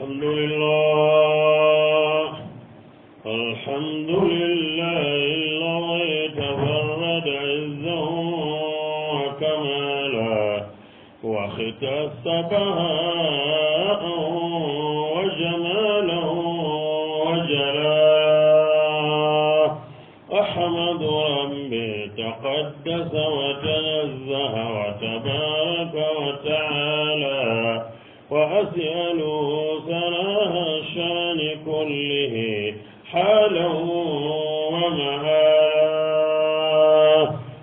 الحمد لله الحمد لله الذي تفرد عزه وكماله وختس بهاءه وجماله وجلاله أحمد ربي تقدس وتنزه وتبارك وتعالى وأسأله الإنسان كله حالا ومآلا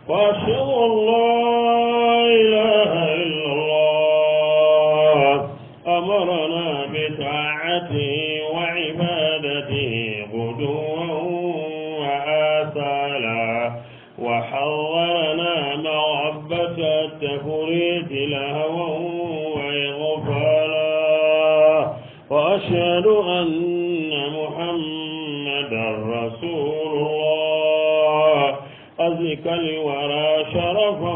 وأشهد أن لا إله إلا الله أمرنا بطاعته وعبادته غدوا وآصالا وحررنا محبة التفريط لها أشهد أن محمدا رسول الله أزكى الورى شرفا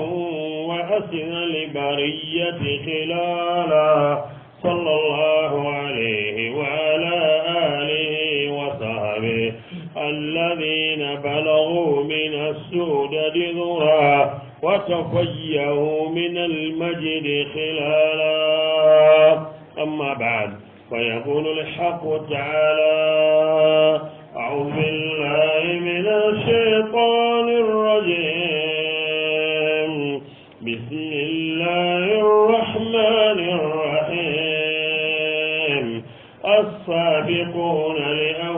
وأسن لبرية خلالا صلى الله عليه وعلى آله وصحبه الذين بلغوا من السود ذرا وتفيهوا من المجد خلالا أما بعد ويقول الحق تعالى أعوذ بالله من الشيطان الرجيم بسم الله الرحمن الرحيم السابقون لأولئك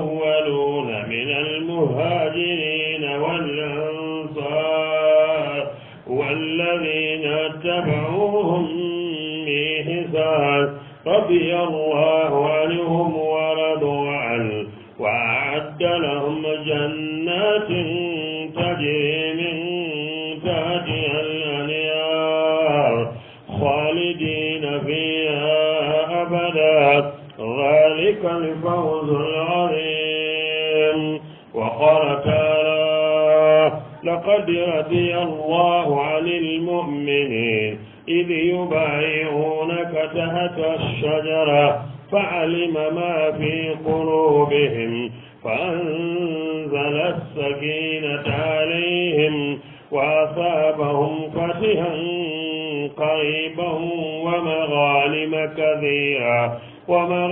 رضي الله عنهم ورضوا عنه وأعد لهم جنات تجري من تحتها الأنهار خالدين فيها أبدا ذلك الفوز العظيم وقال تعالى لقد رضي الله فتهت الشجرة فعلم ما في قلوبهم فأنزل السكينة عليهم وأصابهم فتها قريبا ومغالم كثيرا وما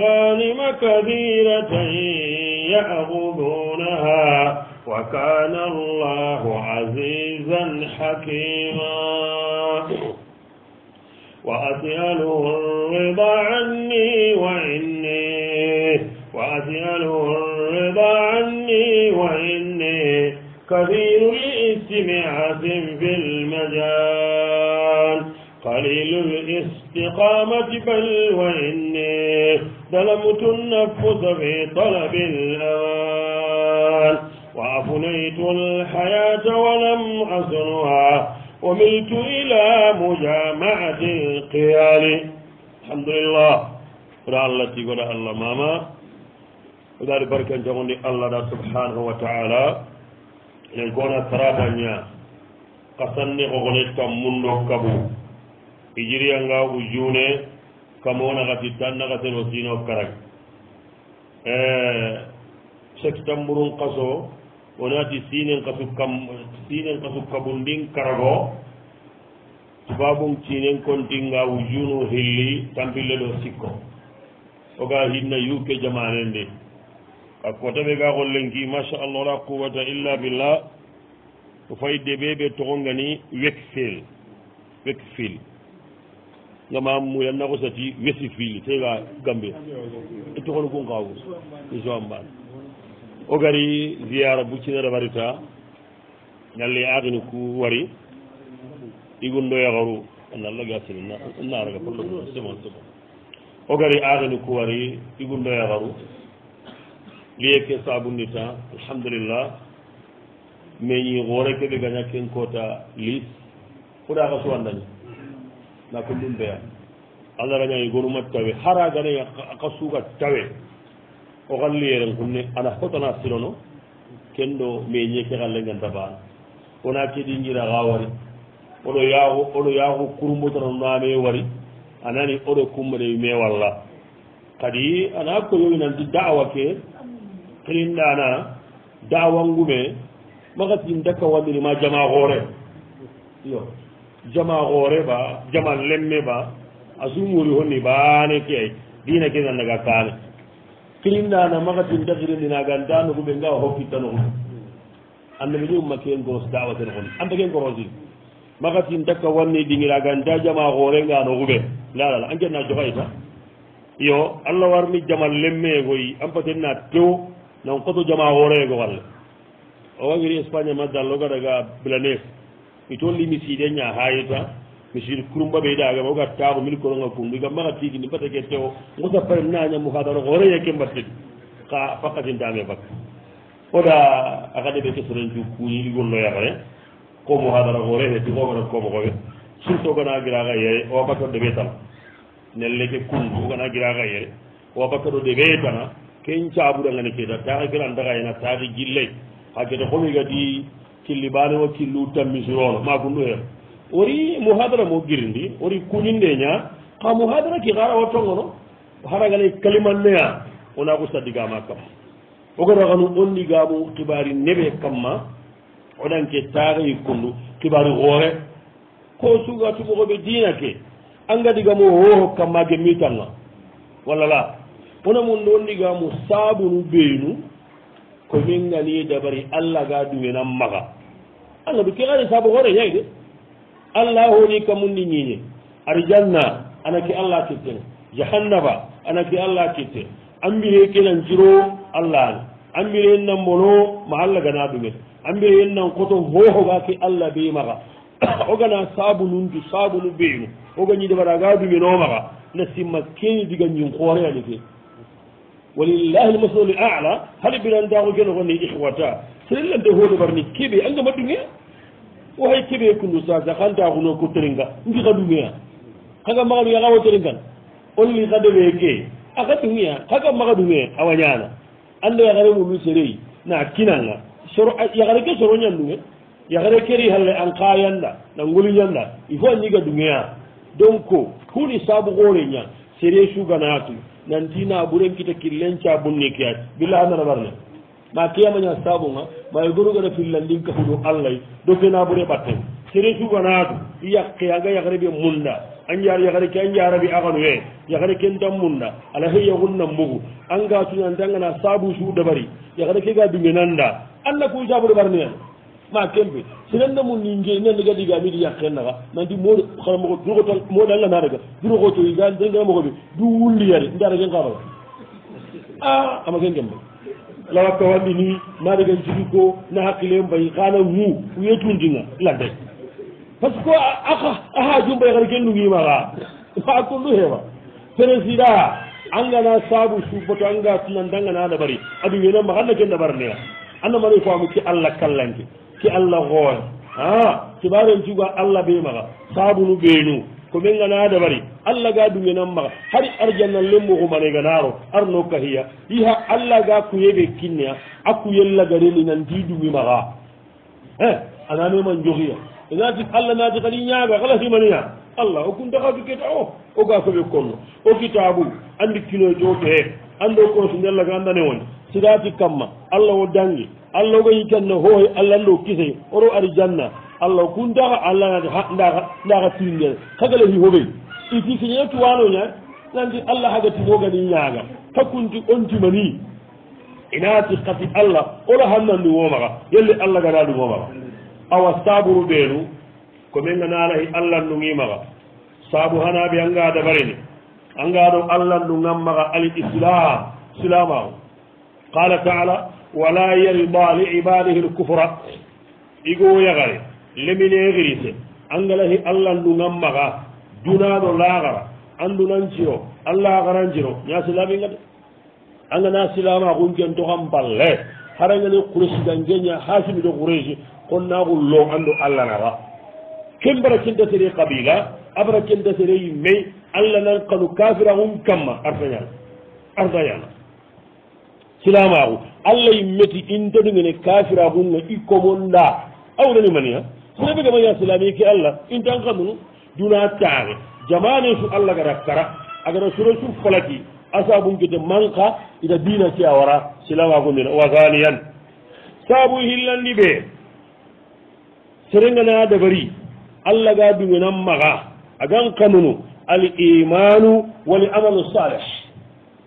كثير الاسم في المجال قليل الاستقامة بل وإني ظلمت النفس في طلب الأمان وأفنيت الحياة ولم أزرها وملت إلى مجامعة القيال الحمد لله ولا الله تيقول الله ماما ودار بركة جمعني الله سبحانه وتعالى ye gona saraba ña kasanni xoxone tammundo kabu ijirianga ujune kamonaxati tannaxateno sino karag chek e, tamburun kaso onati sinen kasu kam sinen kasu kabundin karago tubabun cinen kontinga ujunu hilli tampille do sikko oga hinna yuke jamanen de akkoto ɓe ga gollenki machallah wala quwata illa billah o fayde ɓe ɓe togongani wek fel wek fil ngama muyannako sati wesi fil tega gambe e togono kun kawu isoam e ban o gari ziyara buccinere warita ñalle agini ku wari igundo yagaru anallah gasilina naraga pollo c'est bon c'est bon o gari agini ku wari igundo yagaru liyeke sabundi tan alhamdulillah mais ñi xoore ke ɓe gaña ken koota lis fuɗa xa suwa ndañ nda ko ɗum ɓeya allah raña i e gonuma tawe xara ganaye xa suuga tawe oxan liyeren xunne ana xotana sirono ken ɗo mais ñeke xa lengenta baan wona keɗi njira xa wari oɗo yaaxu oɗo yaaxu kurumbotano naame wari anani oɗo cumbaɗe me walla kadi ana koyoyinanti da'awa ke kelin ɗana dawangume maga tin dakka wandirima jama hoore yo jama hoore ba jaman lemme ba asumuri honni baane ke ay dina ke nanndaga kaane kelin ɗana maga tin dakirendinagan danuguɓe ngawa hokkittanoxum anda mi ɗum makke ngoros dawaten xon anda ke ngorosin maga tin dakka wanni ɗingiragan da jama hoore nganoxuɓe ndalala an kena joxayta yo allah warni jaman lemme koy an paten na tew non koto jama horego walla o wagiri espagne maddallo gaɗaga blanes mi tolli mi siide ña hayita mi siid kurumba ɓeyɗagama o gattako mil koronga kumdu gam maxa tigini mbatake te o ngosa pare naña mu hadaro horeye ke mbatten xa fakkatintame fak oda axa ɗeɓe kesrencu kuñi ligonno yaxare ko mu hadara horee ti xogata komo xoge surtout o gana giraxa yere owa bakkaɗo ɗeɓe tana nelle ke kumdu o gana giraxa yere owa bakkaɗo ɗeɓe tana ken caɓuɗangane keta taxe kena ndaxayena taxe gillay xa kete xomi gadi killi ɓane wo killu tammisirono makundu xeer wori mohadara mo girindi wori kuñinde ña xa mohadara ki xara wo tongono xarangane kaliman neya wona ku sadigama kam ogara xanu on ndigamu xibari neɓe kam ma oɗanke taxe kundu xibari xoore ko suga tumoxoɓe dina ke angadigamo woxo kam ma gemmitanga walla la pono mum ɗon ndigamu saabunu ɓeynu ko mingani dabari allah ga ɗumenan maga allah ɓe ke ari saabu hoore yayi de allah honi kamum ni ñiñe arjanna anake allah kettene jahannaba anake allah kettene ambire kenan jiro allah ani ambire ennan mono ma allah gana ɗumen ambire ennan koto hoho ga ke allah be maga ogana saabu nundu saabunu ɓeynu oga ñi dabari aga ɗumenomaga nasimma keni diga ñin hoore ani fe walillahi almasalu lala hali biran dago jono wonni ihwata serellande hoode barni keɓe a ngama ɗumee o hay keɓe kundu sasa kan daguno ko teringa ngiga ɗumea kaga maga ɗumee kawa teringan on liga ɗeweke aga ɗumea kaga maga ɗumee awañana ande yagare mumi sereyi na kinanga soro yagare ke soro ñanɗume yagare keri halle an kayanda na ngoli ñanda il faut a ñiga ɗumea donc kuni sabu koore ña sere sugana tum nantina ɓuren kita killenca bunnikiyat billa anaramarne ma keyamaña sabunga maye gorogara fillandin kafuɗu allahy dokena ɓure ɓatten sere suganatu i yakke anga yakrebe munda anjar yakre ke anjarabi aganu we yakre kentan munda ala he yahunna mbugu angatuñantangana sabu suɗabari yakre kega dingenanda anna kuy sabuɗe ɓarnian ma kembe sinannamu ni nge nan nega diga midi yakken naga nanti mo xara mogo duro tan mo dalla na rega duro ko to ga denga mogo be du wulli yare nda rega ngaba a ama ken gembe la wa ka wandi ni na rega jigi ko na hakile mbay xana wu wetun dinga la de parce que aka aha jumbay xara ken ngi ma ga fa ko lu heba presida angana sabu subato anga tinan dangana na bari adu yena ma xanna ken da barne anna mari fo amuti alla kallanke ke allah hoore a cibaren cuga allah ɓe maga sabunu ɓeenu ko min ganaada bari allah ga duge nan maga hari arjanna lemmuhumanegganaaro ar nokka hiya yiha allah ga kuyeɓe kinneya a kuyellagareli nan di duge maga e anamiman jogiya nati allah nati kadi ñaaga kala himaniya allah o kuntakatu keta o o ga koɓe konno o kitabu andi kino jooto he ando kono so ndellaga andane woni sirati kamma allah o dangi allah ogoyi janna hoohe allah allo kise oro ari janna allah kun ndaxa allahnaati ha ndaxa ndaxa siringene kagale fi hoɓey iti siñee tuwaano ña nanti allah hagati mogani ñaaga fakkunti ontima ni inaati kati allah ola hannandi womaxa yelle allah ganaadi womaxa awa saaburu ɓeenu komin ganaalahi allah nnungimaxa saabu hanaɓe anga dabareni angaɗo allah nnungan maxa ali islam silamaxo qala taala wala yarida li ibadihi l kufra igoo yagare lemine xirise angalahi allandungan maga dunaɗo laxara andunanciro allaxaranciro ña silaminga de angana silama xunkento xan balle harangani kuresigangeña hasimido kuresi konna xu lo andu allah naxa ken bara kenta sere qabila a bara kenta sere yimmei allah nan kanu kafira xun kamma artañana artañana silamaaxu allah meti in tenu ngene kafira xunna i komonda awrani mania sene begamaya silami ke allah in tan xanunu duna taxe jamane su allah gara kara a gara sura su falaki a sabunkete manqa ita dina ke a wara silamaxunene wa haniyan sabu hillandi ɓe serengana dabari allah ga dungenan maxa a gan kanunu alimanu wali amalu salih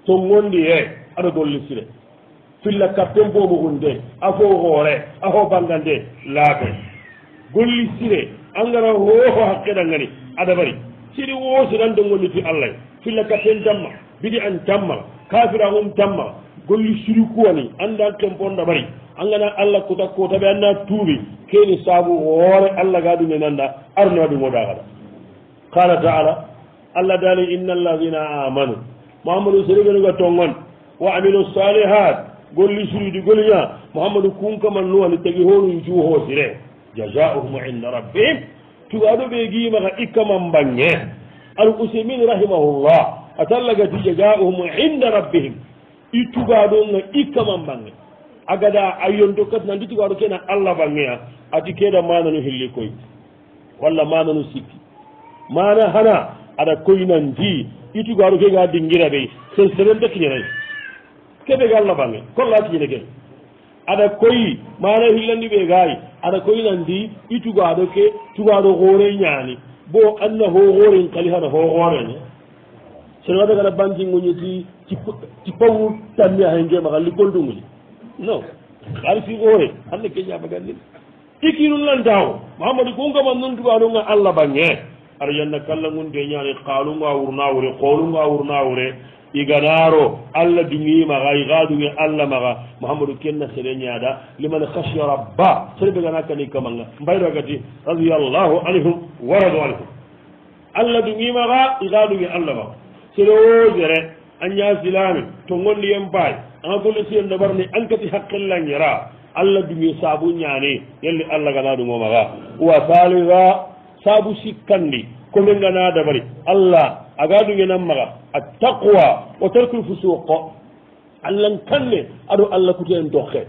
tongondi e aɗa gollisire filla kapten boomugun de afo hoore afo bangan de laaɓe golli sire angara hooho hakqeɗangani aɗa bari siri woosiran de gonniti allah filla kapten tamma biɗi an tammala kafira um tammala golli siri kuwani annda kemponɗa bari angana allah kota kotaɓe anna tuuɓi keni saabu hoore allah ga ɗum e nanda arnowa ɗum woɗaaɗa qala taala allah dani inna allahina amanu mahamadou sere ɓenuga tongon wa amilu salihat golli suruudi goliña mouhamadou kunkamal nuwani tagi hono yu cuuhoosire jajauhum inde rabbihim tubaaɗo ɓe giimaka ikkaman mbaññee al usemin rahimahullah a tallagati jajauhum inde rabbihim i tubaaɗo ga ikkaman mbaŋŋe a gada a yon tokkati nanndi tubaaɗo kena allah mbaŋŋea adi keeɗa manano helli koy walla manano sikki mana hana aɗa koynandi i tubaaɗo kega dinngira ɓey sen serenbekiñanayi keɓe gal na bange kollatiine gen aɗa koyi mana hillandi ɓe gaayi aɗa koyi nandi i tugaɗo ke tugaɗo hoore ñaani bo anna hoxoorin qali haɗa hoxoorene sono waɗa gaɗa bantinguñiti ci pawu tammi a hengemaxa liggolduguñi non xaali fi xoore anna ke ñamagandin i kinu lantaawo mahamadou ku ngamannun tugaɗunga allah bange aɗa yanna kallangun de ñaani xaalunga wurnawure xoolunga wurnawure يغنارو الله دمي ما غيغادو ي الله ما محمد كن سرنيا دا لمن خشى ربا سرب غنا كني كمان باي رغتي رضي الله عنهم ورضوا عنه الله دمي ما غيغادو ي الله ما سرو جره انيا سلام تونغون ليم باي انا بقول سي نبرني انكتي حق الله يرا الله دمي صابو نياني يلي الله غنا دو ما غا وثالثا صابو سيكندي كومين غنا دبري الله أغادو ينمغا attaqwa wa tarkul fusuqa allan kanne aɗo allah kutien doxe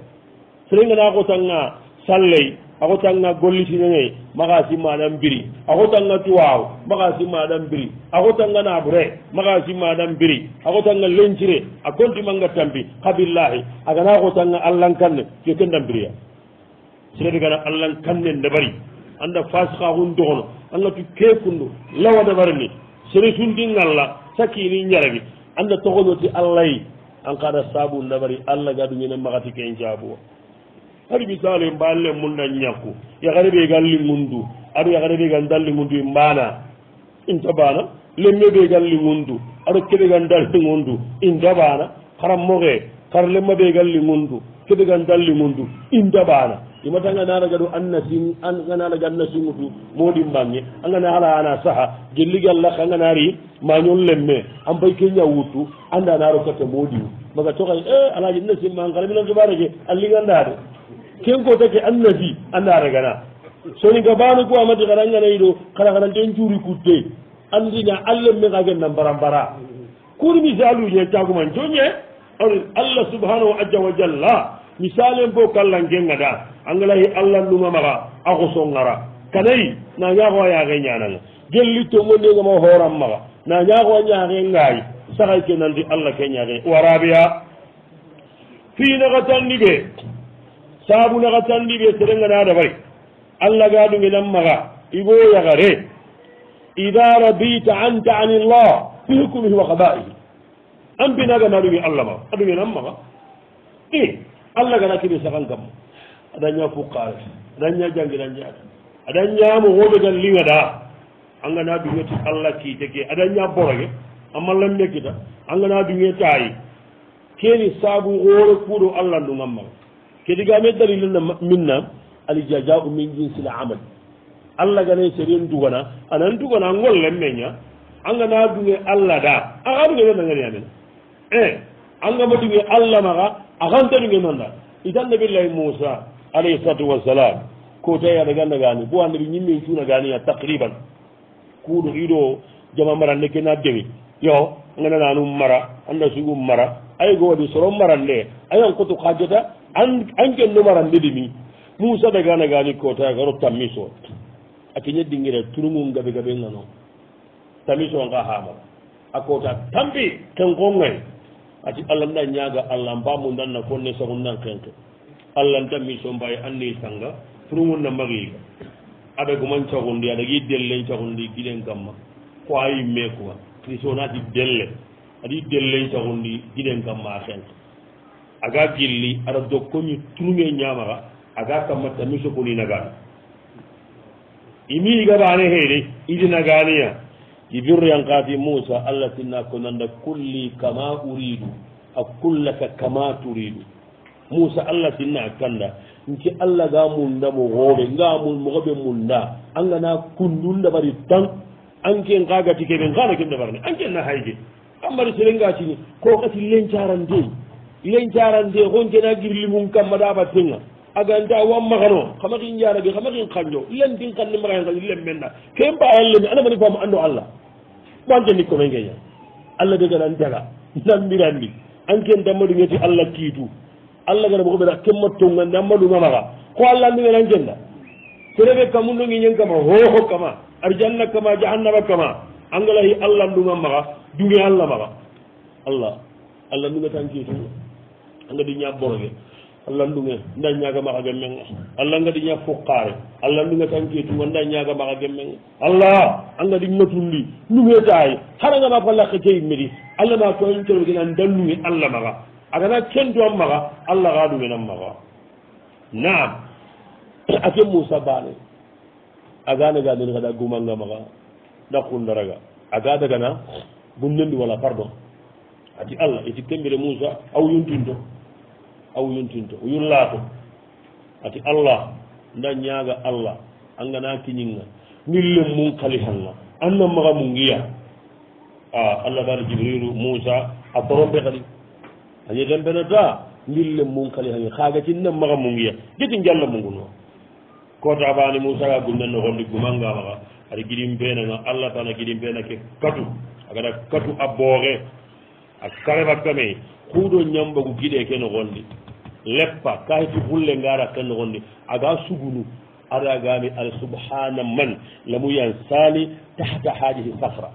serengana a xotanga sallay a xotanga gollitinene maxa simmaɗan mbiri a xotanga tuwaaw maxa simmaɗan mbiri a xotanga naɓre maxa simmaɗan mbiri a xotanga lencire a contimanga tampi xabillahi a gana xotanga allan kanne ke ken dan mbiriya serede gana allan kanne ndeɓari anda fasxa xun doxono anda tu kekundu lawa ndeɓarini sere tundinngal la sakkiini njarani annda toxoñoti allahy an kaɗa saabu ndabari allah ga ɗumine maxati ken caabuwa hadi misali mbaalle mun na ñakku yaxare ɓe galli mundu aɗo yaxare ɓe gan dalli mundu i mbaana inta baana lemme ɓe galli mundu aɗo keɓe gan dalli mundu inta baana xaram moxe xar lemma ɓe galli mundu keɓe gan dalli mundu inta baana imata nga naraga du anna sin an nga naraga anna sin tu modi mbangi anga nara ana saha gelli galla kanga nari ma nyon lemme am bay kenya wutu anda naro kata modi maga to kay eh ala jinna sin man kala milan tabaraka alli nga ndade ken ko take anna fi anda raga na so ni gabanu ko amati kala nga nayido kala kala den juri kutte andina alle me ga gen nambara bara kuri misalu je taguman jonye Allah subhanahu wa jalla misalen bo kallan gen ngada angalahi allah nduma maxa a xuso ngara kanayi nañaaxo a yaaxe ñaananga gelli tongo ndengama hooran maxa nañaaxo a ñaaxe ngaay saxay ke nandi allah ke ñaaxe warabia fi naxa tandiɓe saabu naxa tandiɓe serenganaa dafay allah ga ɗunge nan maxa igo yaxare ida rabita anta an illah bihukumihi wa kabaihi an binagama ɗunge allah maxa a ɗunge nan maxa i eh, allah gana kiɓe saxan kamma aɗa ña fuqqaret aɗa ña jangiranjaade aɗa ñaama wooɓe gan liŋaɗa angana duŋeti allah kiite ke aɗa ña boroge amma lam mekkita angana duŋetaayi keni saabu hoore kuuɗo allah ndu ngammaga kedigaame dalilena min na alijajau min jinsi l amal allah gane serien dugana anan dugana ngolle meña angana duŋe allah da axa duge men nangeneyamen e eh, angama duŋe allah maxa axanta duge manda itan nabillahi moussa alayhi salatu wasalam ko tawi aɗa ganda gani bo annabi ñimmin e cuuna gani a taqriban kuuɗo iɗo jama marande kena demi yo ganana num mara anda sugum mara ay go waɗi soro marande ayan koto hajata an gennu marande demi moussa ɓe gana gani ko tawi garo tammiso a keña dingire turugum gaɓe gaɓe nano tamiso nga hamo a kota tampi ken gongay ati allah nda ñaga allah mbamu ndanna fonne sagu ndan kenke allah n tammi so mbawi anni sanga pour mun na magiyga aɓe guman cagundi aɗa yi dellen cagundi giɗen gamma ko a yimme quoi crisonaati delle aɗayi dellen cagundi giɗen gamma a xenta aga gilli aɗa dokkoñi turme ñamaga aga kamma tammi sokoni nagano imiyiga ɓane heyde idi naganiya jibir yankati moussa allah tinna ko nanda kulli kama uridu a kullaka kama turidu musa allah tinna a kanda nke allah ga munda mo hoɓe nga moɓe munda an gana kundunda ɓari tan anken ka gati keɓe gana ken ndaɓarne anken na hayge an mbaɗi sere ngatini ko gati lencaran de lencaran de honkena girlimum kamma ɗaɓa tenga aganta wammakano xamaxin jaraɓe xamaxin xanjo lentin xanne maxen xa len menda ke mbayan lene anamani fam ando allah ɓanteni komen geña allah degananta ga nan mirandi anken dammaɗu geti allah kiitu allah gara ɓoxoɓeta kemma tongande a mbaɗugamaxa ko allah ndi wena njenda se refe kamu ɗongi ñang kama hooxo kama arjanna kama jahannaba kama angalahi allah nduga maxa dumi allah maxa allah allah ndugatankeesi angadi ña boroge allah ndunge nda ñaga maxa gemmenga allah ngadi ña fuqare allah ndugatankeetunga nda ñaga maxa gemmenga allah angadi matundi ndugetaay xaranga ma fa laqe ke yimmedi allah ma koñcoroge na ndallunge allah maxa a gana kendu an maga allah ga ɗumen an maga naam ake musa bane agana ga nen gada gumanga maga ɗakkundaraga aga dagana gunnendi wala pardon ati allah iti kembire musa aw yuntinto aw yuntinto yullato ati allah nda ñaga allah an gana kiñinga millen mun kalihanga annan maga mungiya a allah gani jibrilu musa a porompe kadi hañi rembene doa ñille mum kali hañi xaagacinne maxa mum ye geti njalla mugunoo koto abani mousaga gulnen no xondi gumanga maxa aɗa giɗim benenga allah tana giɗim bena ke katu agaɗa katu a booxe a karefakkame kuɗo ñambagu giɗe ke no xondi leppa kayti xulle ngara ke no xondi aga sugunu aɗa gami al subhana man lamuyan sali tahta hajihi safra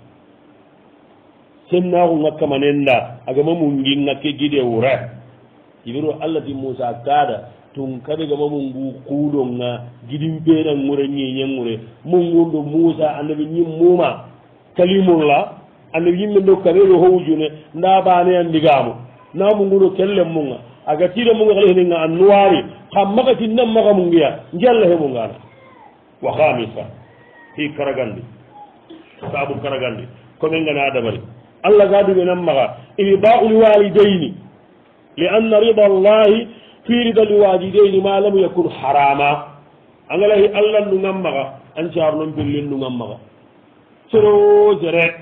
sennaaxu ŋa kamanenda agama mungi ŋa ke gide wura ibiro allah ti musa kaada tun kabe gama mungu kuuɗo ŋa gidimɓeena ŋure ñiñeŋŋure mungundo musa annabi ñim muma kalimulla annabi ñimmendo kabeɗo howjune nda baneyan ndigamu na mungundo kelle munga aga tiɗa munga kalahininga an nuwari xa makati nan maka mungiya njalla he mungana wa hamisa hi karagandi saabu karagandi komin ngana adamari allah gaaduɓe nammaha ini baau li walideyni li anna rida llahi fiirida li walideyni ma lam yakun harama angalahi allah nu gammaha ancar noon pellen nu gammaha serojere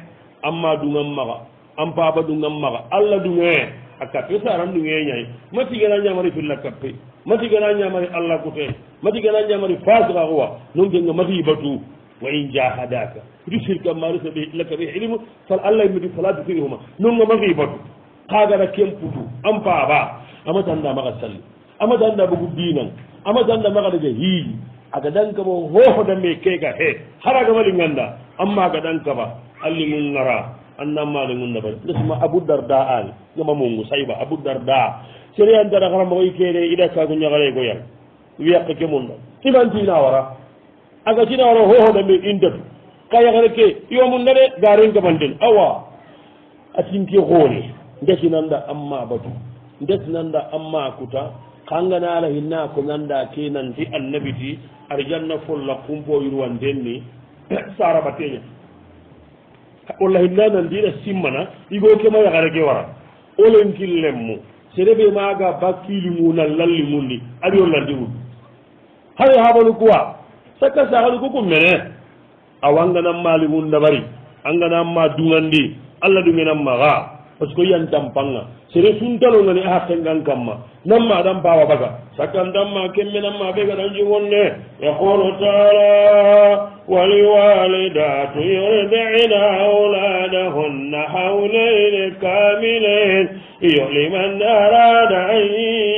amma du gammaha an paba du gammaha allah dunge a kappe saran dunge ñayi matigana ñamari filla kappe matigana ñamari allah kute matigana ñamari fasiga xuwa non jenga matiibatu wa in jahadaka rusirka ma rusa laka ɓe ilimu fal allah midi fala dukirihuma nunga ma ribatu kagara kemputu an paaba ama danda maga salli ama danda bogu dinan ama danda maga daga hiiji aga dankaba hoho dambe keka he hara gamali ganda amma aga dankaba alli mun gara annammali mun nabari lasma abou darda ani gama mungu sayba abou darda sere an dara haramaoy kere idakagu ñagaregoyal wiyaqa ke mun ɗo ibantina wara aga tina wara hohoɗame in datu kayaxere ke yomum nane gare gaman den awa atinke xoole ndeti nanda amma batu ndet nanda amma kuta kangana hinna ko nanda ke nanti annabiti arjanna folla kumpo yurwan den ni sarabateña walla hinna nandina simmana igo kema yaxare ge wara olenkil lem mu sereɓe maga bakkili mu na lalli mum ni aɗi o landi mum hay habanu quoi sakka sahalu ko ko mene awa angananmaali mun dabari angananma dugandi allah dugenanmaxa par ce que yantampanga sere suntalongani aha tengan kamma nanma dan bawa baga sakkantanma kemme nanma be gadan jugonne yaqulu taala waliwalidatu yurdina auladahunna hawlain kamilain liman arada an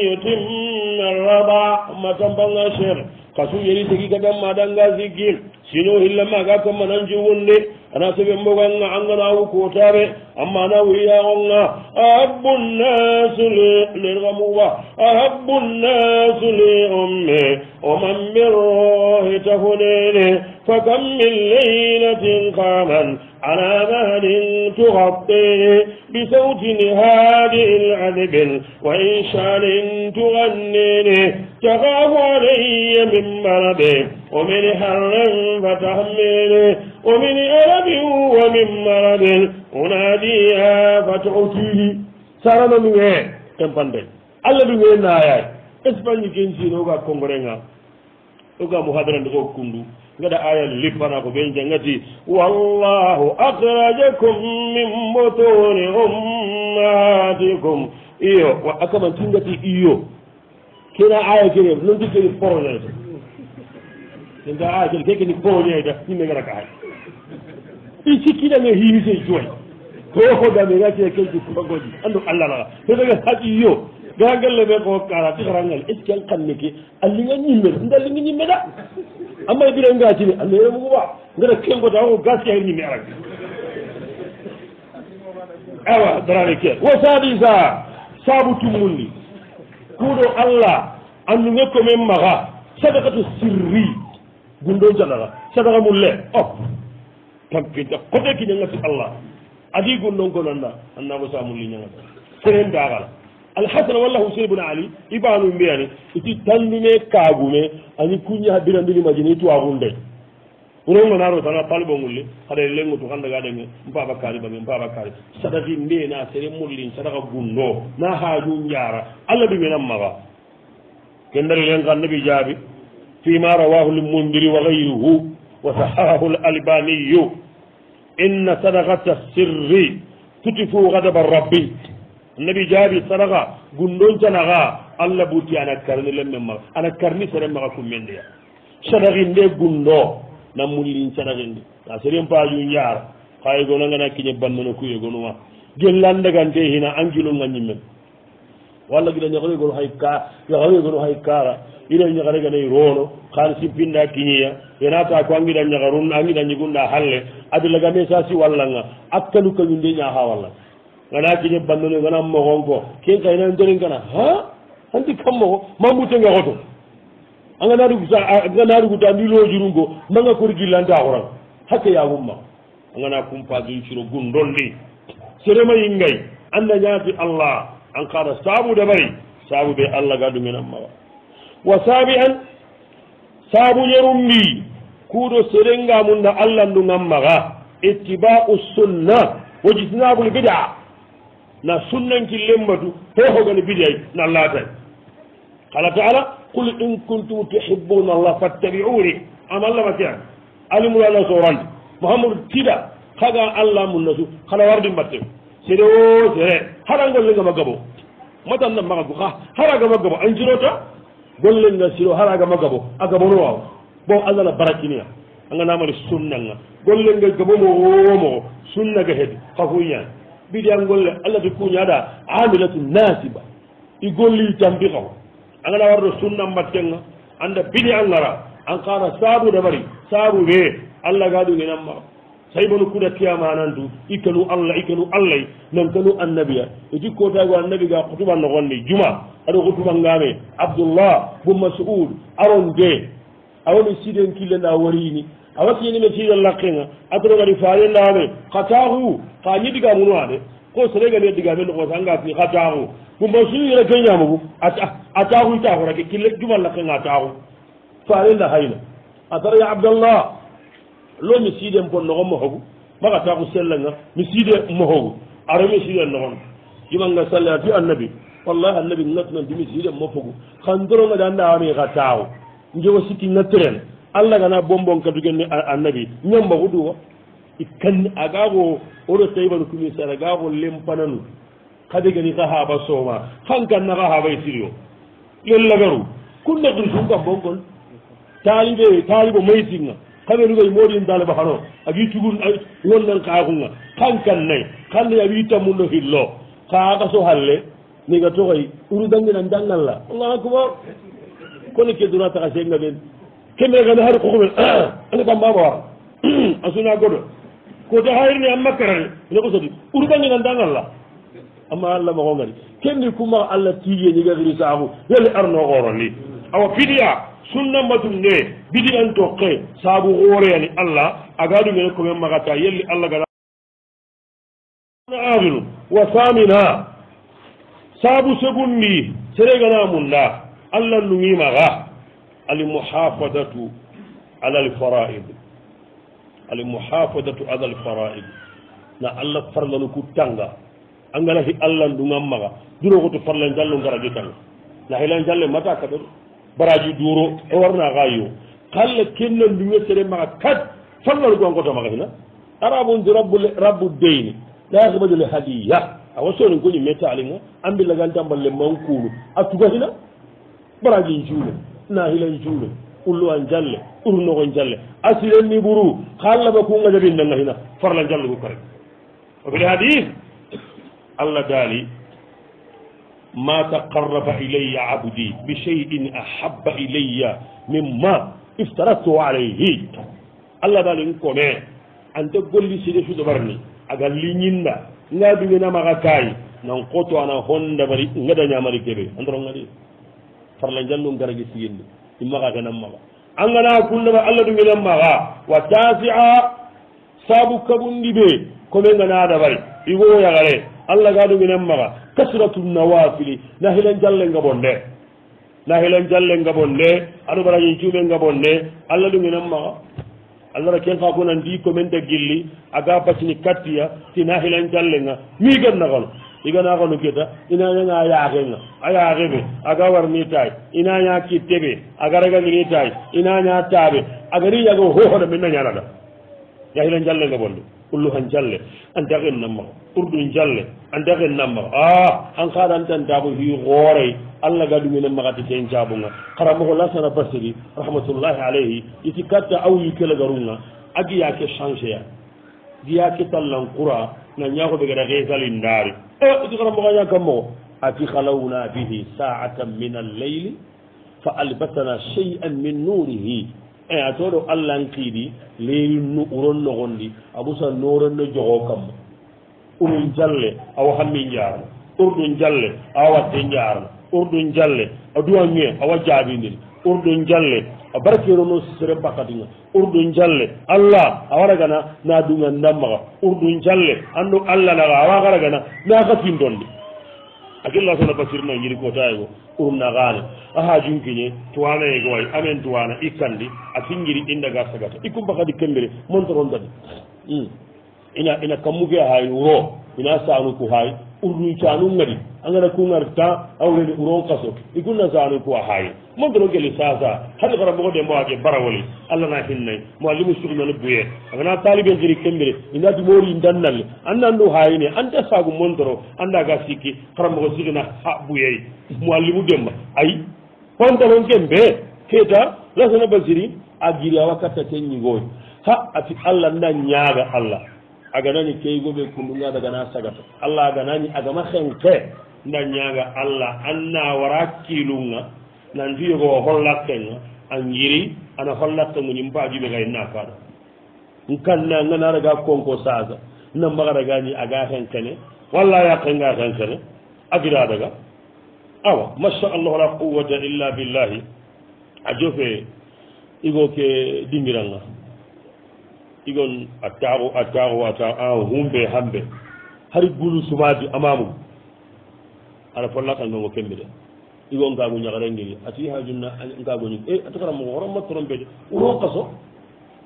yutimma rada matampanga shere kasu yeri tegi kadan madanga zigil sino hilla maga ko manan ju wonde ana soɓe mboganga anganawu kotaɓe amma na wiyaonga ahabu nnasu li lirgamuwa ahabu nnasu li ommi oman mirrohi tahunene fakam min leilatin kaman ala mahadin tuhaɓɓene bi sautin hadii ladibin wa inshalin tugannene takafu alayya min marabe ومن هرم فتحمل ومن ألم ومن مرض أناديها فتعطيه سرم من وين كم فند ألا من وين نايا اسبني كنسي نوغا كونغرينغا نوغا محاضرة نوغا كوندو gada aya lippana ko ɓen jangati wallahu akrajakum min botoni ummatikum iyo wa akamantingati iyo kena aya kene non tikeri projet en nga aa jal gegge ni boñeede yimɓe ngara ka hay i cikkiɗame hiise e joyi tokodame gacekeji kogoji andu allah lala tetaga haƴi yo ga galle me ko kala ɗiarangal est ce que an kanneke a liga ñimmeɗa nda liga ñimmeɗa amma e ɓira ngatine a leere mugu ɓa gara kengota o gasiyahe ñimme arag awa darane ke wo sadisa saabu tummunni kuuɗo allah andu gekko men maga sadakatu sirri gundo sadaka sadaka mum le o tankita kote ki ñangati allah adi gundonkonanna annago samulli ñangata seren daxala alhasana walla husain bne ali ibanu mbiyani iti tandume kagume ani kuñaha birandini majini itwaxun de unonganaro tana palɓongulli haɗa lengutu xandaga denge mpabakari bange mpabakari sadaki mbena sere mullin sadaka gundo na haju njara allah ɗumenan maxa ken dalilen xannabi jaabi fima rawahu lmundiri wa gayruhu wa sahahahu lalbaniyu inna sadakata sirri tutifu gadaba rabbi annabi jaabi sadaka gundoncanaga allah buti ana karni lemmemaga ana karni seremmaga kummendeya sadakinde gundo nan mulirin sadakindi a seren pajunjara xaygonangana kiñe bannono kuyegonuma gellandagante hina angilongañimmen walla gila ñakaregolu hay ka ñakaregolu hay kara ina ñakareganay rono han sippinɗa kiñiya yenata ko angiɗa ñakarun angiɗa ñigunɗa halle adi lagame sasi wallanga akkalu kañunde ñaha walla gana kiñe bandone gana mogonko ken kayna ndonen kana ha hanti kam mogo mambutenga koto aganaruguta ndi lojurungo maga kori gillante axuran hakke yagumma a gana cumpage curo gun ndolli seremayingay anda ñaati allah an kaara saabude mari saabude allah ga ɗuminan mawa wa saabi an saabuyerum ndi kuuɗo seɗenga mum na allah ndugan maga ittiba'u sunna wo jitinabul bida na sunnanki lembatu hehogani bidaye na laatay qala taala qul in kuntum tuhibuna allah fattabiuni am allah mattean alimul allah soorande mouhamadou tiɗa kaga allah mum nasu kala wardi mbatte seɗe o seɗe hara gollengama gabo matanna maga go xa hara gama gabo an jirota gollenga siro hara gama gabo a gabono waw bon allahna barakinia a nga namari sunnanga gollenga gabo mo womoo sunnaga hed xafu ñaan mbiɗiya golle allahdi kuñaɗa amilatu nasiba i golli tambi xaw a nga na warno sunna mbatkenga anda biɗi a ngara an xana saabu da mari saabu ɓe allah gaɗu ngenan maro saymanu kuda kiyamanandu ikkanu allah ikkanu allah nankanu annabiya eti kotagu annabiga hutuba nogonni juma aɗo hutuba ngame abdoullah bo masud aron de awoni siden killenda warini awasiyinime siden lakkenga atoro gadi farendame hatahu ha ñidiga munoa de ko sereganie digame nogosa ngati hatahu bo masud yera keñamugu atahu itahorake kille juma lakkenga atahu farenda hayna atara ya abdallah lo mi siide bon noxo moxogu maxa taaku sellanga mi siide moxogu are mi siide noxon yimanga salla fi annabi wallahi annabi ngatunandi mi siide mofogu xan doronga da ndaxami xa taaxu njego sikki nga tren allah gana bonbon kadu genne annabi ñambaxu duwa kanni agaaxo oro taybanu kumisara gaaxo lempananu xade geni xa xaaba sooma xan kan na xa xaaba y sirio yo lagaru kun ne xirsun kam bon kon taalibe taalibo maysinga kamenugoy moɗin dalba hano agi cugun lonnan kaakuga kankan nayi kanna yawi tammuno hillo kaaka so halle miga toxoy uru dangina dangalla allahu acbar kono ke dona taxa senga ɓen kemeeame har kokumen anga ah, kam mama war a suna goɗo kote xayirne a makkarane neko sadi uru dangina dangalla amma allah maxongani kenni kuma allah tiye ñiga xiri saaku yale arno xooroni awa fidiya sunna matum ne bidi an to kai sabu hore yani Allah aga du ko men magata yelli Allah ga agiru wa samina sabu segunni sere gana mulla Allah mi maga al muhafadatu ala al fara'id al muhafadatu ala al fara'id na Allah farlanu ku tanga angala fi Allah dunga maga duro ko to farlan jallo ngara gi la hilan jalle mata kadu baraji duro e warna gayo kala kennandiwe sere maga kat fannal go angoto maga hina arabundi rabu rabu deyni laakibadule hadiya awa soni goñi meta alinga ambillagantamballe mankulu a tuga hina baraji juule nahilan juule ullu an jalle urnogon jalle asiren ni buru kallaba kunga jabindanga hina farla jallugo kare oɓile hadis allah daali ma taqaraba ilaya abdi bi cheyin ahaba ilaya mimma iftaratu alayhi allah dalin kome anta golli side sudobarni aga liñinda nga duguenamaxa kaay nan koto ana hondabari nga dañamari keɓe andarongadi farla njallu garagi siginni imaxagenan maxa angana kunnaba allah duguenan maxa wa tasia saabu kabundi ɓe komenga na dabari iwoyaxare allah ga duguenan maxa kasratu nawafili jalle jallenga bonde nahilan jallenga bonde aɗo barañin cuuɓenga bonde allah ɗuminan maxa allah ra ken xa ko nan ko men de gilli aga bacini kattiya ti na jallenga migan naxono iganaxono keta ina nya nga inañanga a yaaxenga a yaaxeɓe aga war warni taay inaña kitteɓe aga tay ina nya tabe agari ya go yago hoxoɗa min na ñanaɗa jahilan jalle ga bolle kullu han jalle an dagen namma urdun jalle an dagen namma ah an kada an tan dabu hi gore allah ga dumi nan magati ten jabunga karamo ko lasana basiri rahmatullahi alayhi itikatta aw yikela garunga agi ya ke changer ya diya ke tallan qura na nyaako be gara gesalin dari eh uti karamo ga ya kamo ati khalawna bihi sa'atan min al-layli fa albatana shay'an min nurihi e a to ɗo allahnkiiɗi leeri no uron nogondi abusa noranno jogo kamma urun jalle awa hammi jaarna urɗun jalle awa watte jaarna urɗun jalle a duwañe awa jaabindin urɗun jalle a barkero no sisere bakkatinga urɗun jalle allah awaragana na dunga ndammaga urɗun jalle anndo allah naga awa garagana naga tindondi la sona basirno jiri kotayigo na gal aha junkiñe tuwana e way amen tuwana ikandi a inda ga sagata ikkumpa kadi kembere dadi hmm. ina ina kamuge hay wuro ina sanu ku hay urnucanu ngari angana kungarta awrede uron kaso ikunna zanu kuwa haye mandoro geli sasa hade bara mogo dembo ake barawoli allah na hinnay muallimu na buye agana talibe giri kembire inati mori indannalle annan do an anta sagu mondoro anda ga sikki karamogo sigina ha buye muallimu demba ay non kembe keta lasana basiri a giri awa katta ha ati allah na nyaaga allah aganani keygo ɓe kunɗunga dagana sagata allah aganani agama henke dañaga allah anna wara kiilunga nantiyogo o hollattenga an yiri ana hollatta go ñim paajuɓe gay nafaɗa kanna nganaraga konko saaga nambaxaragani aga henkene walla yaqenga henkene agiraɗaga awa masha allah la quwata illa billahi a jofe igo ke dingiranga igol a taaxu a taaxu a taaxu a xumɓe xamɓe xar gulu sumaadi amaamum ara fo lakangango kemmi de igo ngaagu ñaxarengiri a tii xajunna ngaagoñin e a taxara moxo xora ma trompe de wuro qaso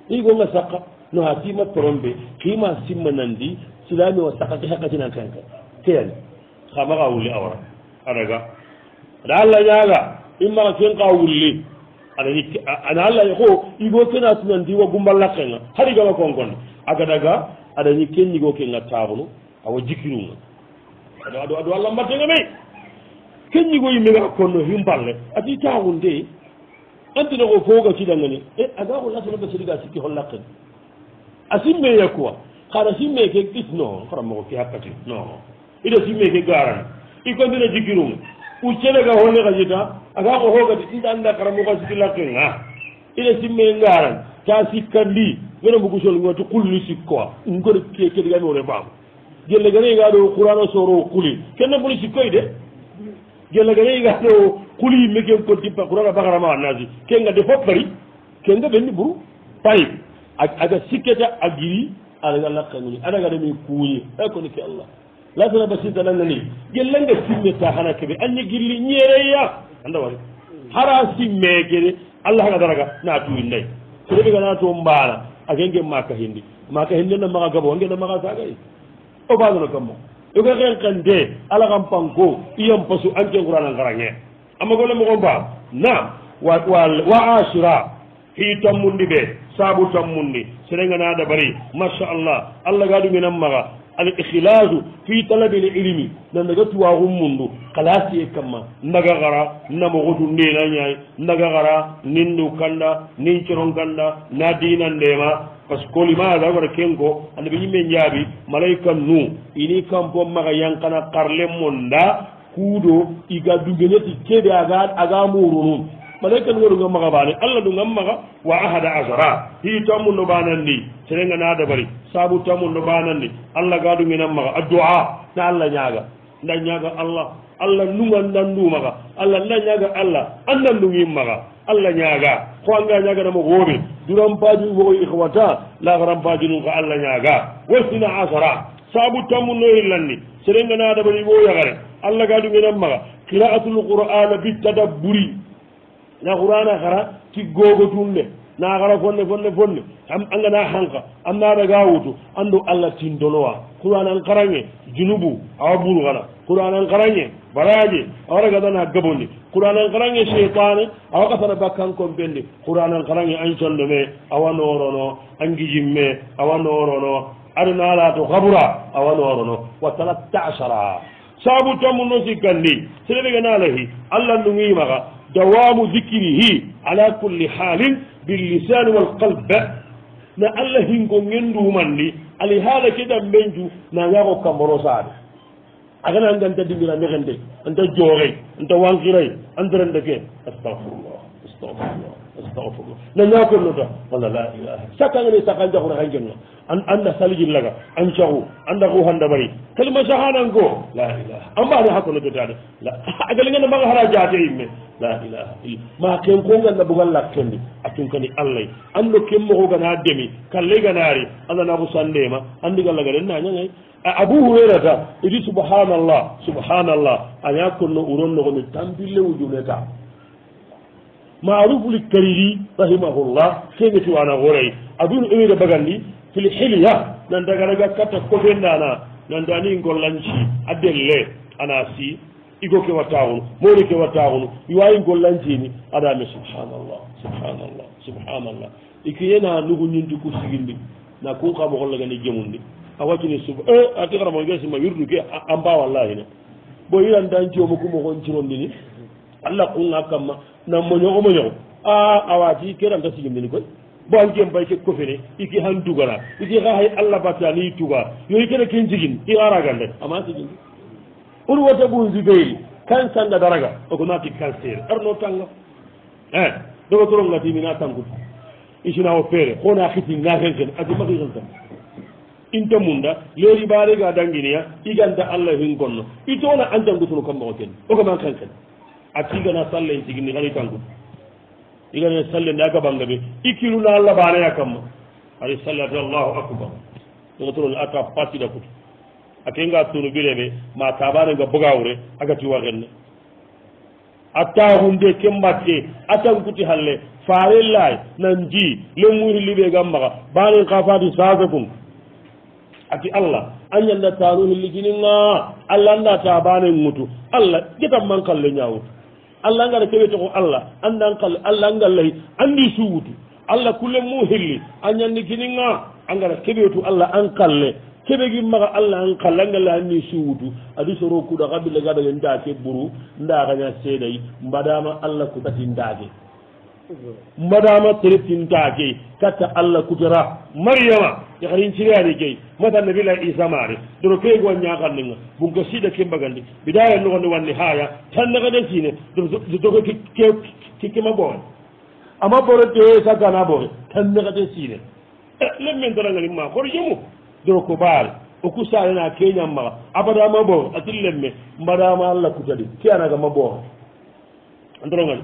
igonga saqa no xa tiima trompe xiima simmanandi silami wa saqa ke xeqatinan kenke keyani xa maxa wulli a wara a daga daa lañaaga i maxa ken xa wulli aɗa yikke ana alla ye ho igo kena tunandi wa gumballa kenga hari gama konkonde agadaga aɗani ken ñigo kenga tabunu awa jikkinunga aɗo aɗo aɗo allah mbaddega mai ken ñigo yimmega konno himballe ati tawunde antina ko foga siɗangani e aga hollatanoga sirga sikki hollaken a simmeya e quoi kara simmeke e ɗit non haramogo ke hakkati non ida simmeke e garani i kontina jikkinunga uccelega holle xa jeta aga ko xoogati i anda xaramuka sikilake nga ine simme ngaran ta sikkandi ngena mbugu solngati qulli sik quoi ngoɗ kedigamiore baam gellegane yiga ɗo qurano soro quli kenna quli sikkoy de gellegane yiga ɗo quli yimmeken kon tippa qurana bakarama anasi kenga de fop bari kenga ɓenni buru pay aga sikketa a giri aɗaga lakkanguñi aɗagaɗa min kuuñi ay kono ke allah lasana basidda nanani gellanga simmitta hana keɓe anni gilli ñereya andawari hara simmegede allah ha daraga natuyinnayi sede ɓega nato mbaala agen gen maka hindi maka hindi na maga gabo ange na maga sagayi o fadono kammo e oga xenkande ala xan panko iyan pasu anke ngurana ngarange ama gole mogon ba nam wa asura fi tammundi ɓe saabu tammundi serenga na dabari macha allah allah ga ɗumenan maga al ixlasu fi talabi lilmi nanagati waxummundu kalasi e kamma ndaga xara namoxutu ndena ñay ndaga xara nin nu kanda nin coron kanda na dina ndema parce que limaada wara ken ko anabe yimme njaabi malayka nu ini kampo maxa yankana xarlemmo nda kuudo iga dugeneti keɓe aga aga murunun malaikan waru nga maga bane allah du ngam maga wa ahada asara hii tammu no banan ni serenga nada bari sabu tammu no banan ni allah gadu ngi nam maga addua na allah ñaga nda ñaga allah allah nunga nandu maga allah nda ñaga allah andandu ngim maga allah ñaga ko anga ñaganamo woni du rampaji woko ihwata laka rampaji nun ko allah ñaga wasina asara sabu tammu no hillanni serenga nada bari wo yagare allah gadu ngi nam maga qira'atul qur'ana bitadabburi na qurana xara ti googotun le na xara fonne fonne fonne angana xanqa an naɓe ga wutu andu allah tin donowa qurana an qarange junubu awa buru xana qurana an qarange baraje awa ragadana gaboni qurana an qarange cheitane awa gasana bakkankon ɓendi qurana an qarange an conno me awa norono an gijim me awa norono aɗana laato xabura awa norono wa talatta asara saabu cammu no sikkandi sereɓegana lahi allah ndugimaxa دوام ذكره على كل حال باللسان والقلب نا الله هينغو نندو ماني علي هذا كده منجو نا يارو كامورو سار اغانا انت ديغرا نخندي انت جوري انت وانغري انت رندكي استغفر الله استغفر الله astafirullah no ñagonnota walla la ilaha chaque engrais saka jaxuna xa jonno anda salijin laga an caxu anda xu xan dabari kalima saxanan ko la ilaha a mbaane xako nodotade a galinga na mbaga xara jate yimme la ilaha illa ma ken kongana buga lakkendi a cunkani allay anno ken moxo gana demi kalle ganaari andanaxu sandema andiga laga den nañangay abou hurerata idi subhanallah subhanallah a ñakonno uronnoxoni tampille wujuneta maruf li kariri rahimahullah keneti wana worey aduno ewire bagandi filxiliya nan dagaraga katta kofendana nandani ngollanci adelle ana si igo ke wattahunu mori ke wattahunu iwawi ngollancini adame subhanallah subhanallah subhanallah ikiyena nugunindi ku siginndi na kun kamoxollagani jemundi a waccini sub e atiaramoge sima yurduke a mbawallahine bo iran dancomo ku moxoncinondini allah kunga kamma namo ñoxo mo ñoxo a awati keranta sigim nini koy bo an jem bay ke kofene iki han dugara iki xa xay allah batani i tuga yoy kene ken jigin i xaragan den ama sigin un wota ɓun zubeir kan sanga daraga ogona tig cancer arno tanga e dogotorongatimina tangut isinawo feere xona xitin na xenken a jima xixen sam inta munda leri ɓarega dangineya iganta allah hin gonno i toona an jangutuno kam maxo ken ogaman xenken a tigana sallen tigini hani tanku igana salle nde a gaɓanga ɓe ikiluna allah baneya kamma hay salle ati allahu acbar ɗogatoro ata patida kut a kenga tunu ɓireɓe ma tabanega bogawre agati warenne a tahunde kembatke a tankuti halle farellay nan di lemuri liɓe gammaga banen kafati sase kum ati allah a ñanda tanu hilli kininga allah anda tabanen ŋutu allah ƴetan mankalle ñawutu allah ngara tewete ko allah andan kal allah ngal lay andi suwutu allah kulle mu helli a ñanni kini ga a ngara keɓetu allah an kalle keɓe gin maga allah an kalle a ngalle anni suwutu adi soro kuɗa xa ɓillegaɗagen ndake ɓuru ndaxaña seeɗay mbaɗama allah kutati ndake madama tretintake katta allah kutera mariama yakarin cireyani gey mata nabi la isa mari doro keygo ñakanninga bunka siɗa kimbagandi bidaya nogonde wanni haya tannakada sine doo kikima boore ama boro deesa gana boore tannakade sine lem men dorangani ma korjemu doro ko baare o kusalena keñam maga abadama boore atil lemme mbadama allah kutadi ke anagama boore dorogani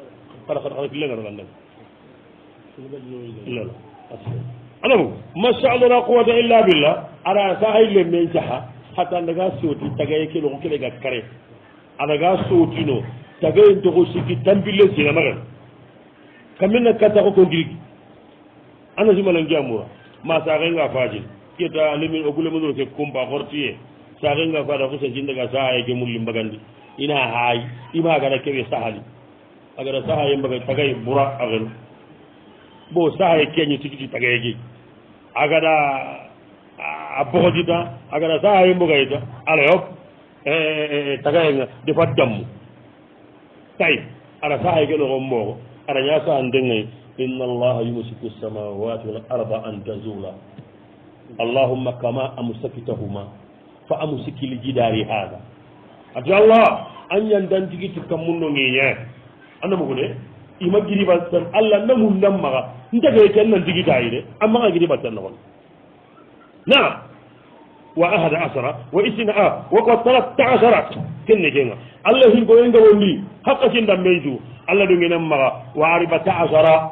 xaraxara xara fila ngara landang lala anafo masaalora quwata illa billah ara saxay leme jaxa xata naga sooti tagaye ke loxu kelega kare anaga sootino tagaye ndoxo siki tambile sinamaxen kamina kata xo ko ngirigi ana simanangiamura ma saxenga fajil keta lemi ogu lemodoro ke kumpa xortiye saxenga fada xu sasi ndaga saxaye ke mullimbagandi ina xaay imagana keɓe saxali agara sahaye mbaga tagaye bura agaru bo sahaye keñe tigiti tagaye gey agada a bogodita agada sahaye mbogaye ta ala yop e, e, e, tagayenga defa dammu tay ara sahaye kenoxo mboogo ara ña saha ndengaye inna allaha yumsiku samawati wal arda an tazula allahumma kama amsakitahuma fa amsiki li jidari hada ati allah an ñandantigiti kammunno ngiñe andama ko de ima giribal sen allah namum nam maxa ntagee ten na ndigitayi de a maxa giribal sen noxon naam wa ahada asara wa isina a wa kotarat taasara ken ne kenga allah hin ko engawondi haqa sin dam mey tu allah ɗungi nam maxa wa ariba taasara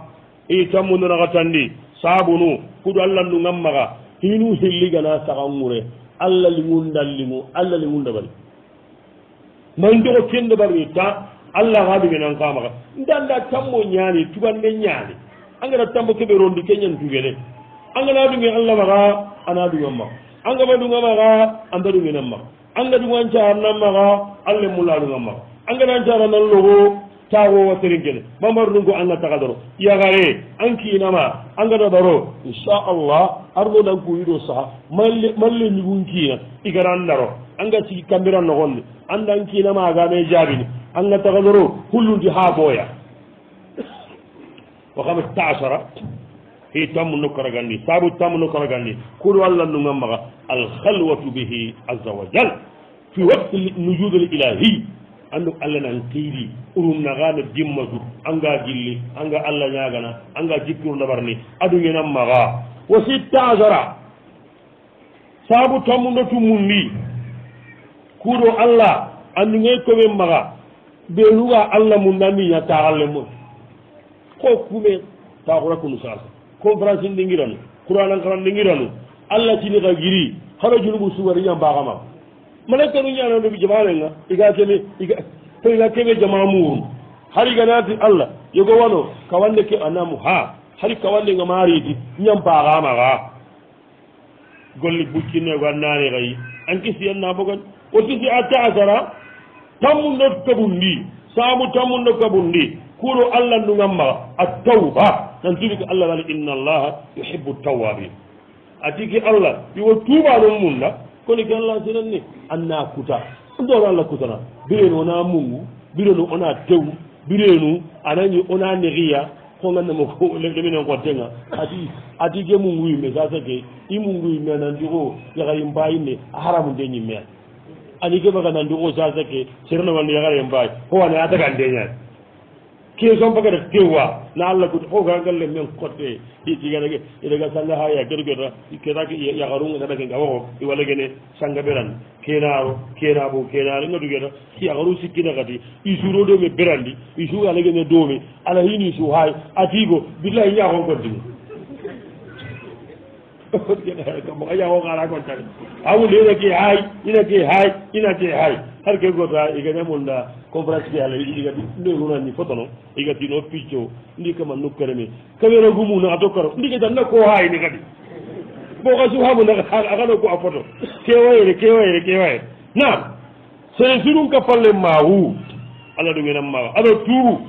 i tammundonaxa tandi sabunu kudu allah ndungam maxa hinu hilligana saxangure allah lingundan limu allah lingundabari mandoxo kendebarni ta allah haaɗumi noon kamaka ndannda tambo ñaani tuganɗe ñaani angata tambo keɓe rondi keñan tugene angana ɗumi allah maka ana ɗumen maka anga ma ɗunga maka anta ɗuminan maka anga ɗungan caranan maka allah mulla ɗungan maka anganan caranan logo tawowa serin kene mamaru ɗum ko anga taka doro yagare an kiinama angata doro inchallah arno nan kuyiɗo saha malle ñigun kiina igaran daro anga sigi kambiran nogonni andan kiinama agane jaabini أن تغذروا كل جهة بويا وخمس تعشرة هي تم نكرة غني سابو تم نكرة غني كل والله نغمغ الخلوة به عز وجل في وقت النجود الإلهي أنك ألا ننقيري أرون نغانا جمزو أنغا جلي أنغا ألا ناغانا أنغا جكر نبرني أدو ينمغا وست عشرة سابو تم نتو مني كورو الله أن نيكو مغا ɓe luga allahmu namiña taxallemo ko kume taxura kunu sasa conférence in ɗingiranu couranankaran ɗingiranu allah tini xa giri xara junubu sugariñam baxama malakanu ñananoɓi jamanega iga kene iga kege jama murum har iganati allah yogo wano kawande ke anamu ha hari kawandenga mariti ñam baxama xa golli bukkinego annane xayi an kisi anna bogan wo kisi a tasara tammu nokkabundi saamu tammu nokkabundi kuuro allah ndugamma a tawba nan tuni ko allah wali inna allaha yuhibu tawabin atiki allah yowo tuubaɗon munda koni ke allah sinan ni anna kuta doro allah kutana birenu wona mungu birenu ona tew birenu anani ona nehiya hoganndemo leminen gottenga ati ati ke mungu yimme sa sake i mungu yimme anandiko yahayi mbayinne a haramu nde ñimmeani ani gemagananndi o sasa ke sernawalni yagaren mbaay howani adagan deñani kesom bagada tewwa na allah gud hogangalle men kotte tiganage iraga sanga ha ya gedogeda ketake yagarunga nadagenga woxo i wala gene sanga berandi kenaro kenabo kenare ngadugeda yagaru sikkinakati isuro ɗome berandi isu alagene domi alahini su hay atigo billahi ñaxon kontinu a yaho ngara gontane awunde ina ke hay ina ke hay ina ke hay har ke gota iga ñamolda conférence ke alay iga ndi runani fotono iga tino picco ndi kama nukkareme camera gumuna a dokkaro ndi gedan na ko hayni kadi bo xa suhamu axano ko a foto kewayere kewayere kewayere nam sere surun ka palle mawu allah ɗugenan maxa ado tubu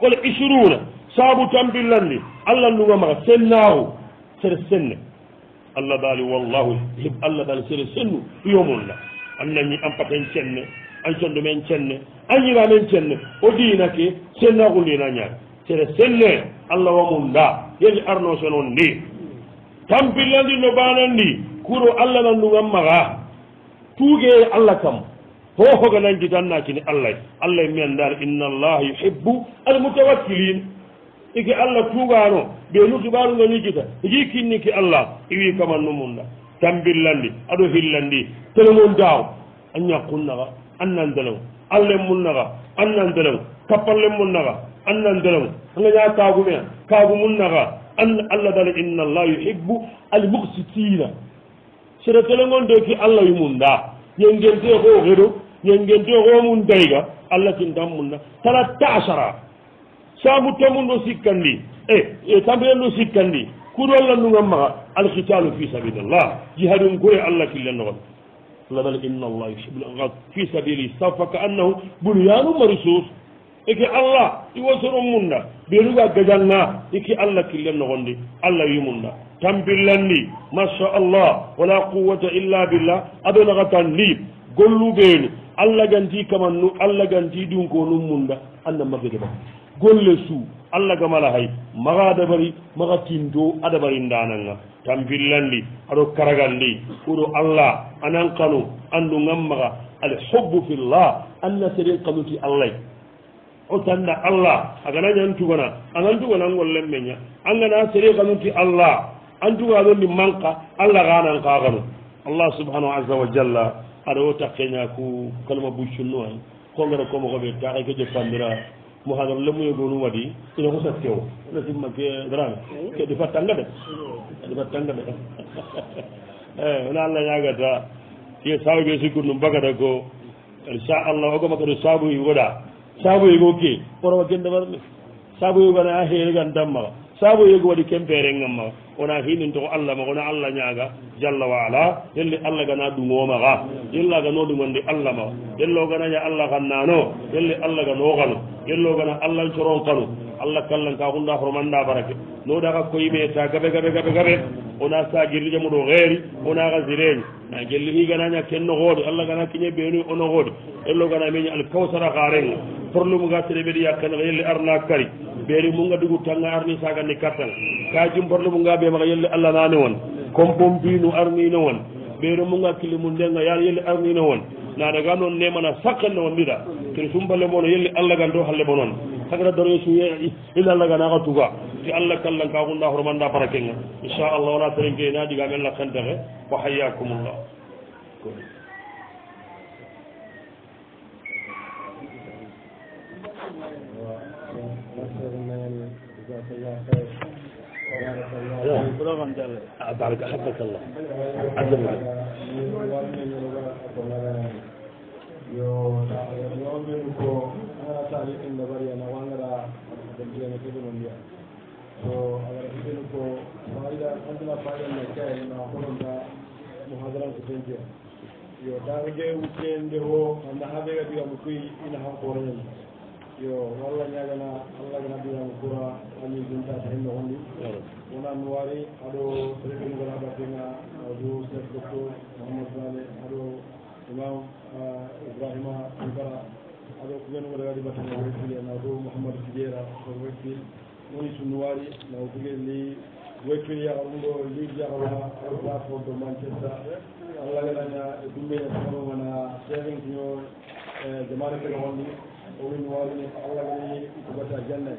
kole isruna saabu tambillandi allah ndunga maxa sennaxu sere senne allah baali wallahu hib allah baali sere sennu yomol la annañi ampaten cenne an condu men cenne añiramen cenne o diinake sennaagundina ñaari sere senne allah wamum da yeli arno senon ndi tampillandi no banan ndi kuro allah nanndungan maga tuugeye allah kam hohoga nanditannakini allah allah mbiyandar inna allaha yuhibbu almutawakiline iki allah tuugaano ɓeenu duɓaanunga nijita jii kinniki allah iwi kaman numunda tambillandi aɗo hillandi telemon daaw a ñakkunnaga annan delew allen munnaga annan delew kappallen munnaga annan delew angañaa kaagume kaagumun naga an allah dala inna allah yuhibu almuksitina sere telengon de ki allah yu munda yengente ko xeɗo yengente ko mun dayga allah tin tan munna tala taasara sabutemundo sikkandi e tambirendo sikkandi kuɗollandugan maga alkitalu fi sabilillah jihadum koye allah kille nogon ladan inna allah yuhibul anfaq fi sabili safa ka annahu bunyanu marsus eke allah iwo soro munda ɓeeruga gajanna iki allah kille nogondi allah wimunda tampillandi masha allah wala quwata illa billah aɓenaga tandi golluɓeenu allah ganti kamannu allah ganti ɗum ko num munda annan mabɓe geɓa golle su allah ga mala hay maga dabari maga tindo adabari ndananga tampillandi aɗo karagandi oɗo allah anan kanu andu gam maga alhubbu fillah anna seren kanuti allah o tanna allah agana ñantugana agantugana ngollen meña angana sere kanuti allah antugaɗonni manka allah ganan kaganu allah subhanahu asa wa jalla aɗa wo takkeña ku kalma buccunno ay kongara komogoɓe taxe ke joppandira mo haga le muye gonu wadi ina husa tew ona simma ke drame ke di fatanga de di fatanga de eh ona la yaga ta ti sawo be sikku num bagada ko insha allah o goma ko sawo yi goda sawo yi go ke poro wa genda war sawo yi gana a heere gan damma saabu yogo waɗi kempere ngamma wona himin to ko allah ma wona allah ñaaga jalla wa ala yelle allah gana ɗumoma xa yella gano ɗumande allah ma yello ganaña allah xan nano yelle allah gano xanu yello gana allah coron xanu allah kallan ka xunda foromanda barake noɗaxa koyɓe ta gaɓe gaɓe gaɓe gaɓe ona sagirri jamuɗo xeeri onaxa sireñ a gelle i ganaña kenno xoodi allah gana kiñe ɓenu ono xoodi yello gana meña al kawsara xa renga porlumga tereɓeɗi yakkene yelle arna kari beeri mu nga dugu tanga arni saga ni kartal ka jumporlo mu nga be maga yelle allah nani won kom bom binu arni no won beeri mu nga kili mun denga yal yelle arni no won na da ga non ne mana sakal no mira kiri sumballe mono yelle allah gan do halle bonon sagara doro su ye illa allah gan aga tuga ti allah kallan ka gunda hor manda para kenga insha allah wala tere ke na diga men la khantage wa hayyakumullah أبارك أحبك الله عزمك yo ta ga wuce ndo an da habe ga biya mu kuyi ina ha koran yo walla ñagana allah ganabiyamo pura ami jumtata hinno honndi wonanmi waari aɗo rebingol abatenga du chef docteur mahamadou bale aɗo imam ah, ibrahima ibara aɗo kugenugol gadi batenga wetile naw du mouhamadou tidiera ko wetfil moni sumi waari naw tugelli wetfil yaha ɗum ɗo lid yahawa aɗo platfort do manchester allah ganaña e dumbeñe sanomana sevingtino eh, jamare kene honndi ومن والدك الله غني كتبت الجنة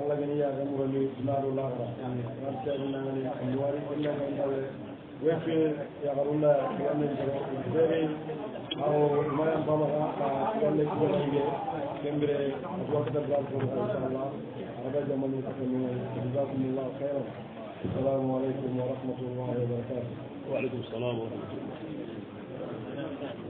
الله غني يا ذنب غني جمال الله نرجع لنا غني الوالد كلنا غني ويخفي يا غرولا كأن الجبري أو ما ينبغى ولا كبر شيء كمبر وقت الجلسة إن شاء الله هذا جمال متكلم جزاكم الله خيرا السلام عليكم ورحمة الله وبركاته وعليكم السلام ورحمة الله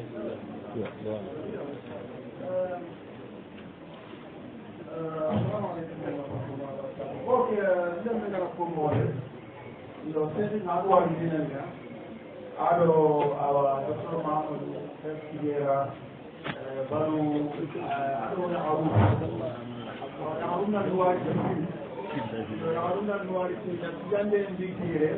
Donc, j'aime la commande. Il a fait une avoir originale. Alors, à la forme, il y a بنو عرونا عرونا عرونا الوارثين عرونا الوارثين لكن جنبين بكتير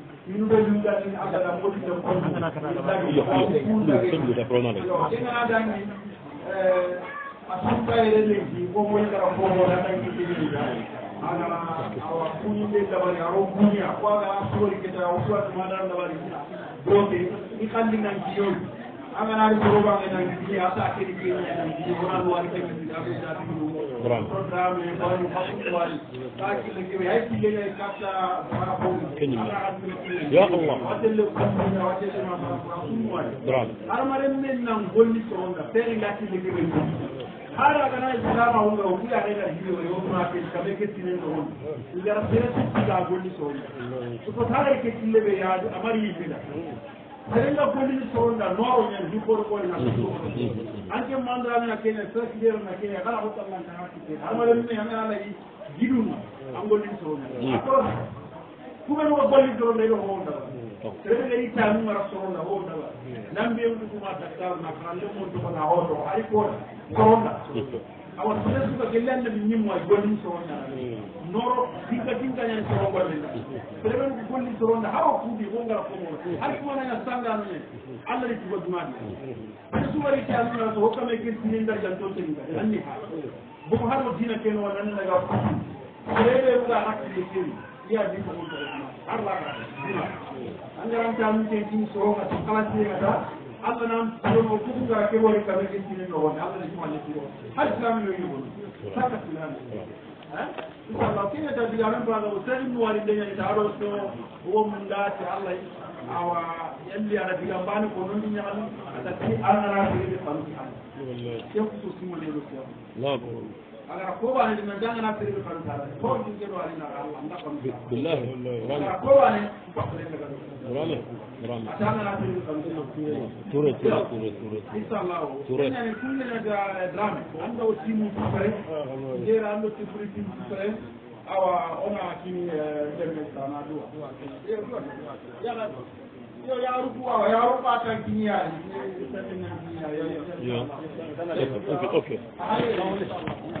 asukayere leydi womoy kara fomoɗa ɗangiɗiɗiɗaɗi ana awa kuñinde dabari aro guña ko aga asori keta o suwatumaɗan dabari donc i kallinan kiyoyi aganaari ko robaɓe tan ji hata kedi keñiaɗan wonan waali keɓeiaɗo jaɓi ɗum programme bawmo hakkude waali ka kille keɓe hay killeɗe karta wara fofkeñiaaaa waɗelle kamina waɗeema sum waali arama ren men nan gollitto onga feere nga kille keɓe ɗum haara aganaari programme onga o ɓuya rena hiɗo e wonuma kedi kamɓe kettinen ɗo on gara bene tuttiga gollitto onga so so taare ke killeɓe yaade amari yiɓɓeɗa harenga gondini soronda noaro ñan jubboto ɓoole na anke mandanena kene sasidero na kene kala hottallantana kitte almala mine amena layi jiɗuma an gollini soroña akoro kuɓen ko golli doronda ɗo howndaba seɗe gari tanumara soronda howndaba nan mbiyen ɗukuma daktar na kalle mon togona hoto ari koota soronda awa tole suka gelle annabi ñimmoy golli soronna noro dinka dinka ñani soro golle preven ko golli soronda hawa kuuɓi ko ngara fomo har kumanaña sangano ñe allah ri tuba dumaɗi ɓe suwari ke almana so hokkame kestini ndar janto teninka anni ha boko haɗo dina keno nananaga preɓe ɓuga hakkille keni iya dinka mo har laga dina angaranta mike ti soronga kalantinegata asanam yono kuka ke wori ka be kini no won Allah ni wani ki won hal sam yo yugo saka filan ha inshallah ke da bi garan ba da sai mu wari da ni taro so wo mun da ta Allah awa yalli ara bi gan bani ko non ni nyaal ta ti anara bi de fanu ki Allah ke khusus mu le ro Allah agara koɓane ɗi ko ɗum geɗo alinaga allah anda kam billahi agara koɓane bakkurendaga ɗoane a tangana prévi kam toure toure toure toure inchallahu innani kullenega drame anda o timum tupare jeyra ando tupri tim tupare awa ona kini eh, ndemmen sana duwa eh, yaga yo yaruku awa yaruka tan kiniyaari ok ah,